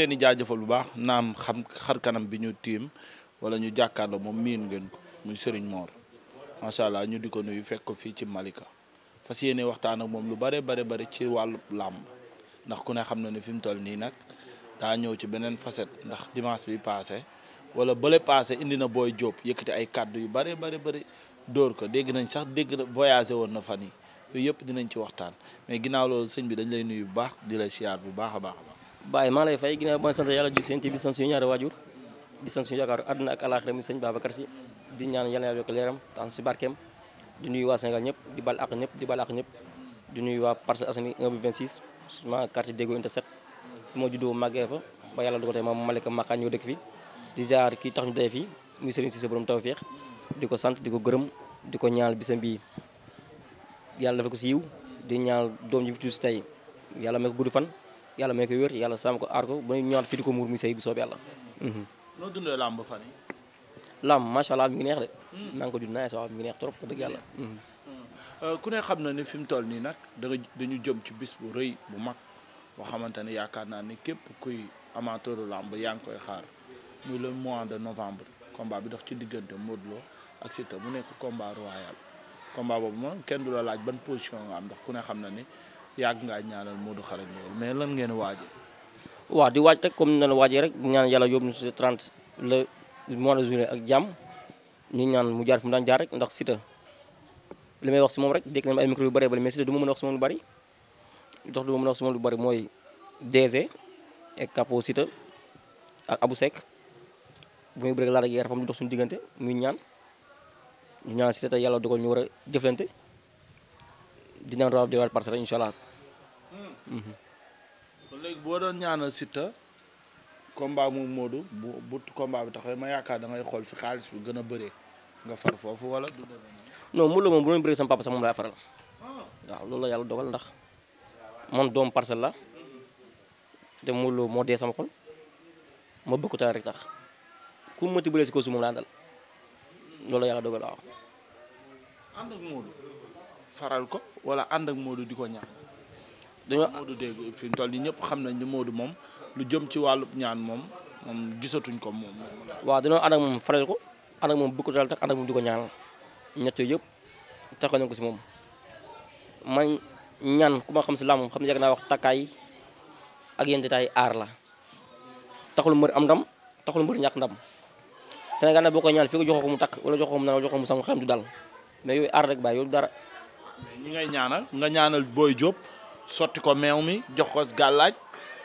leen di jaajëfal bu baax naam xam xar kanam bi ñu tiim wala ñu jàkkaarloo moom miin ngeen ko muy Serigne moor macha allah ñu di ko nuyu fekk ko fii ci Malika fas yéene waxtaan ak moom lu bare bare bare ci wàllu làmb ndax ku ne xam na ne fi mu toll nii nag daa ñëw ci beneen faset ndax dimanche bi passé wala bële passé indi na Boy Diop yëkkati ay kàddu yu bare bare bare dóor ko dégg nañ sax dégg na voyagé woon na fan yi yooyu yëpp dinañ ci waxtaan mais ginnaaw sëñ bi dañ nuyu bu baax di la bu baax a baax Baye maa lay fay ginnaaw ba sant yàlla ju seen bi sant suñu a waajur di sant suñu yaakaar àdduna ak alaaxira mi sëñ Babacar Si di ñaan yàlla yàlla yokk leeram tan si barkeem di nuyu waa Sénégal ñëpp di bal ñëpp di bal ak ñëpp di nuyu waa Parcelles Assainies 1 bu 26 suma quartier Dégo Unité 7 fi ma juddoo màggee fa ba yàlla dugal tey ma Malika Maka ñoo di ko sant di ko gërëm di ko ñaanal bisam bi yàlla dafa ko siiw di ñaanal doom ji fi tuuti si tey yàlla ma ko gudd fan yàlla ne ko wér yàlla sàmm ko aar ko ba ñëwaat fi di ko muur muy sëy bu soob yàlla. Mhm. noo dundee làmb ba fan yi. làmb macha allah mi ngi neex de. Mhm. maa ko dund naa sa wax ngi neex trop dëgg yàlla. Mhm. Euh, ku ne xam na ne fi mu toll nii nag da dañu jëm ci bis bu rëy bu mag boo xamante ne yaakaar naa ni képp kuy amateuru làmb yaa ngi koy xaar muy le mois de novembre combat bi dox ci diggante Modou Lo ak Siteu mu nekk combat royal komba boobu moom kenn du la laaj ban position nga ku xam na ni yàgg ngaa ñaanal Modou Xarañ loolu mais lan ngeen waajee. waaw di waaj rek comme ni ñu waajee rek ñaan yàlla yóbbu ñu si 30 la mois de juillet ak jàmm ñu ñaan mu jaar fi jaar rek ndax Siteu li may wax si moom rek dégg nañu ay yu bëree bëri mais du ma mën a wax si moom lu bëri ma mën a lu bëri mooy DG ak capo Siteu bu muy bëri laata gi yaram fam dox suñu diggante ñaan ñu ñaan Siteu te yàlla dogal ñu war a jëflante. dina raw di waat que incha hmm. Hmm. léegi boo doon ñaanal Siteu mu Modou bu bu combat bi taxawee ma yaakaar da xool fi xaalis bi gën a bëree nga far foofu wala du la laa faral ah. waaw loolu yàlla dogal ndax man doom parcelle la te mu la moo dee sama xol ma bëgg ko rek tax ku mënti bëree si kaw su moom laa dal loolu la yàlla dogal waaw. faral ko wala ànd ak Modou di ko ñaan. dañoo Modou dégg fi mu toll nii xam nañ ni Modou moom lu jëm ci wàllu ñaan moom moom gisatuñ ko moom. waaw dañoo ànd ak moom faral ko ànd ak moom bëgg ko daal tax ànd ak moom di ko ñaanal ñett yooyu yëpp taxaw nañ ko si moom man ñaan ku ma xam si làmb moom xam ne yàgg naa wax takkaay ak yenn aar la taxul mbër am ndam taxul mbër ñàkk ndam. Sénégal nag boo koy ñaan fii ko joxoo ko mu takk wala joxoo mu naan wala xelam du dal mais yooyu aar rek bàyyi yooyu dara. ñi ngay ñaanal nga ñaanal Boy Diop sotti ko meew mi jox ko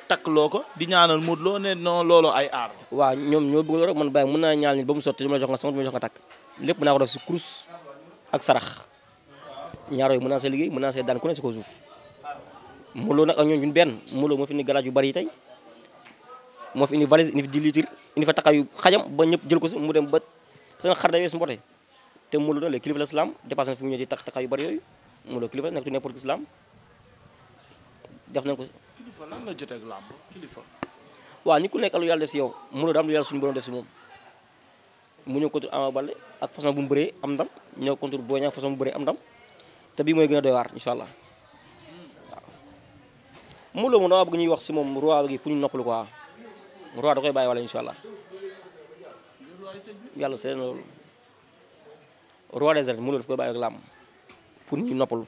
takk loo ko di ñaanal Modou loo ne non looloo ay aar. waaw ñoom ñoo bëgg loolu rek man bàyyi mën naa ñaanal nit ba mu sotti dama jox nga sama dama jox nga takk lépp mën naa ko def si kurus ak mën naa see mën naa see daan ko suuf. Modou Lo nag ak ñoom ñun benn Modou Lo moo yu bari yi tey moo fi indi valise ba ñëpp jël ko si mu dem ba parce que xar day wees mbote te Modou Lo nag kilifa la islam dépassé na fi di tax taxaw yu bari yooyu Modou Lo kilifa nekk ci n'importe islam def nañ ko. kilifa lan la jotee ak ku nekk lu yàlla def si yow Modou Lo daa am lu yàlla suñu borom mu ñëw contre Ama ak façon bu mu am ndam ñëw contre Boy Niang bu mu am ndam te bii mooy gën a doy waar incha allah waaw. Modou Lo moom dama bëgg ñuy wax si moom roi gi pour ñu noppalu ko roi da koy bàyyi wala incha allah yàlla seet na loolu roi des arènes Modou Lo daf koy bàyyi ak làmb. pour nit ñi noppalu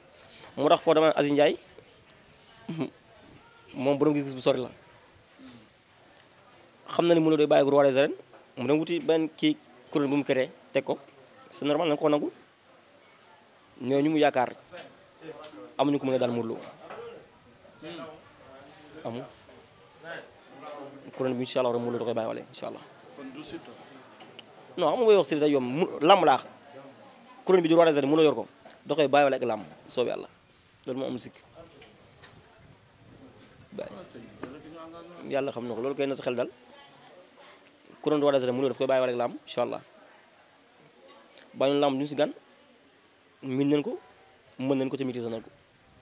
moo tax foo demee Aziz Ndiaye moom borom gis-gis bu sori la xam na ne mu la doy bàyyi ak roi des mu dem wuti benn kii kuréel bu mu créé teg ko c'est normal na nga ko nangu ñooñu mu yaakaar amuñu ko mën a daal Modou Lo amu kuréel bi incha allah war a Modou Lo allah. non xam nga booy wax si day yomb mu laax kuréel bi di roi des mu la yor ko. da koy bàyyi wala ak làmm soob yàlla loolu moo sikk yàlla xam na ko loolu koy na sa xel dal ku doon doon des rek mu ne daf koy bàyyi wala ak làmm incha allah bàyyi ko mën nañ ko te maîtrise nañ ko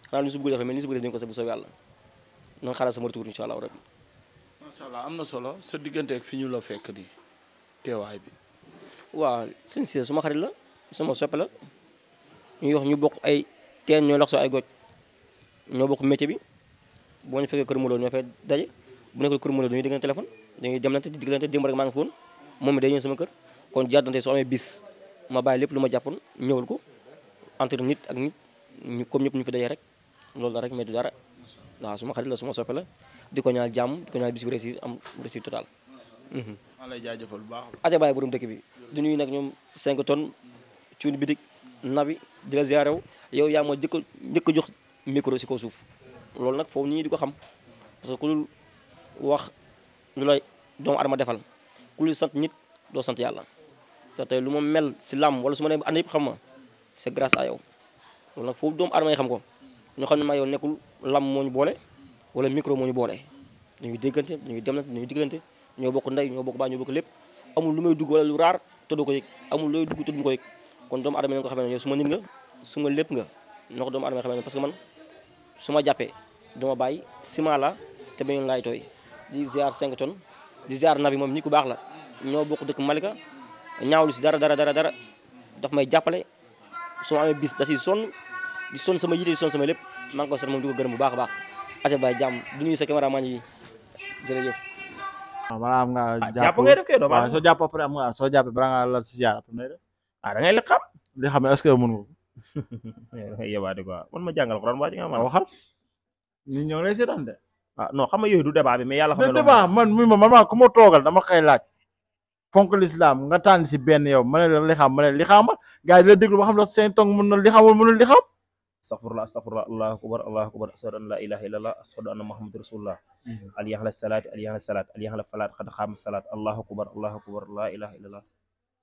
xanaa lu ñu si bëgg def sa yàlla na nga xaaral sama retour incha allah am na solo sa diggante ak fi ñu la fekk di teewaay bi. waaw seen si xarit la suma soppe la. ñuy wax ñu bokk ay teen ñoo lax soo ay goj ñoo bokk métier bi boo ñu fekkee kër Modou Lo ñoo fay daje bu nekkul kër Modou Lo dañuy déggante téléphone dañuy di diggante démb rek maa ngi foon moom mi day ñëw sama kër kon jàddante soo amee bis ma bàyyi lépp lu ko entre nit ak nit ñu comme ñëpp ñu fi daje rek loolu la rek mais du dara waaw suma xarit la suma soppe la di ko ñaal jàmm di ko ñaal bis bi réussite am réussite totale. Mhm. maa lay bu baax. dëkk bi du nuyu nag ñoom 5 tonnes ci bitik nabi di la ziare wu yow yaa ma jëkk a njëkk jox micro si ko suuf loolu nag foofu nit di ko xam parce ku dul wax lu la doomu adama defal ku dul sant nit doo sant yàlla te te lu ma mel si làmm wala su ma nee ànd xam ma c'est grâce à yow loolu nag foofu doomu xam ko ñoo xam ne maa yow nekkul làmm mooñ boole wala micro moo ñu boole dañuy déggante dañuy demlante dañuy diggante ñoo bokk ndey ñoo bokk baa ñoo bokk lépp amul lu may dugg wala lu raar te doo ko yëg amul looy dugg te duñ ko yëg kon doomu adama yi nga ko xamee ne yow su ma nit nga su ma nga noo ko doomu adama xamee ne parce que man su ma jàppee duma bàyyi ciment la te ba ñun laay tooy di ziar 5 tonnes di ziar nabi moom ñi ku baax la ñoo bokk dëkk Malika ñaawlu si dara dara dara dara daf may jàppale su ma amee bis da si sonn di sonn sama yite di sama lépp maa ko seet moom di ko bu baax a baax ate baay jàmm du ñuy sa caméraman yi jërëjëf wala am nga ah, jàpp ngay def kay doo waaw soo jàpp am nga soo jàppee bara nga lal si ziar ah da ngay la xam di xam man waa ci nga ma waxal. ñu ñëw lay seetaan de. ah non xam nga yooyu du débat bi mais yàlla. xam nga débat man mi ma maa ku ma toogal dama kay laaj. fonk lislaam nga tànn si benn yow ma ne la li xam la déglu ba xam la seen tong mën na li xamul mënul li xam. astaghfirullah astaghfirullah allahu akbar allahu akbar ashhadu an la ilaha illallah ashhadu anna muhammadur rasulullah mhm. la salaat aliyah la salaat aliyah la falaat xad xaam salaat allahu akbar allahu akbar la ilaha illallah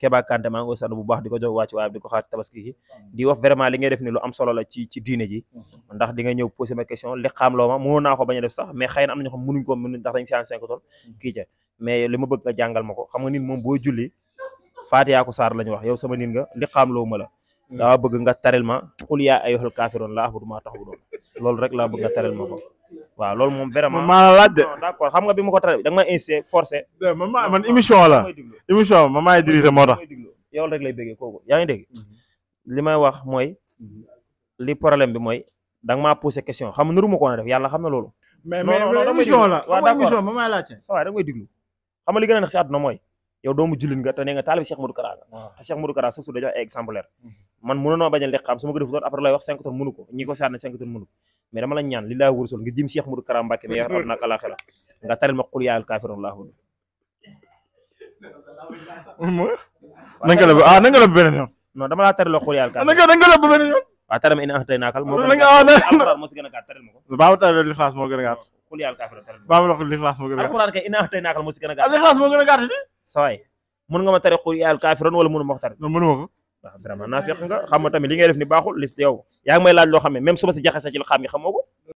kebaa Kanté maa ngi koy sant bu baax di ko jox wàcc waaye di ko xaar tabaski di wax vraiment li def ni lu am solo la ci ci ji mm-hmm. ndax di nga ñëw posé ma question li xaamloo ma mënoon naa ko bañ a def sax mais xëy na am na ñoo xam ko ndax dañ 55 tonnes kii ca mais li ma nga jàngal ma ko xam nga nit moom boo julli Faatiha ko saar lañu wax yow sama nit nga li xaamloo ma la mm-hmm. daa bëgg nga tarel ma xul yaa ayyuhal kaafiroon laa abudu maa tax bu loolu rek laa bëgg nga tarel ma waaw loolu moom vraiment man maa la laaj de d'accord xam nga bi ma ko traité da nga ma incité forcé. man maa man émission la émission man maay dirigé moo tax. yow rek lay bëggee kooku yaa ngi dégg mhm. li may wax mooy mhm. li problème bi mooy da nga maa posé question xam nuru ma ko woon def yàlla xam na loolu. mais mais émission la waaw d'accord émission may laajte. waaw da nga may déglu xam nga li gën a neex mooy. yow doomu jullit nga te nee nga taalibi Cheikh Modou Kara nga ah. te Cheikh Modou Kara sa su dañoo ay exemplaire hmm. man mënunoo bañal liqaam su ma ko defutoon après lay wax 5 tonnes mënu ko ñi ko saat ne 5 tonnes mënu ko mais dama la ñaan li laa wërsul nga jëm Cheikh Modou Kara Mbacke mi yor am nak alaxira nga taril ma qul yaa kaafiruun laahu nanga la ah nanga la beneen yoon non dama laa tariloo qul yaa kaafiruun nanga nanga la beneen yoon waaw taram in ahtaynaakal moo gën a gàtt ah, moo si gën a gàtt taril ma ko baaw tariloo li xaas moo gën a gàtt xul yàlla kaafiru tari baamul wax lixlaas moo gën a gàtt alxuraan kay inaa tey naakal moo si gën a gàtt ah, lixlaas moo gën a gàtt di sawaay mun nga ma tari xul yàlla kaafiroon wala mënu ma ko tari mënu ma ko waaw ah, vraiment naa feq nga xam nga tamit li ngay def ni baaxul liste yow yaa ngi may laaj loo xam ne même su ma si jaxasee ci la xam nga xamoo ko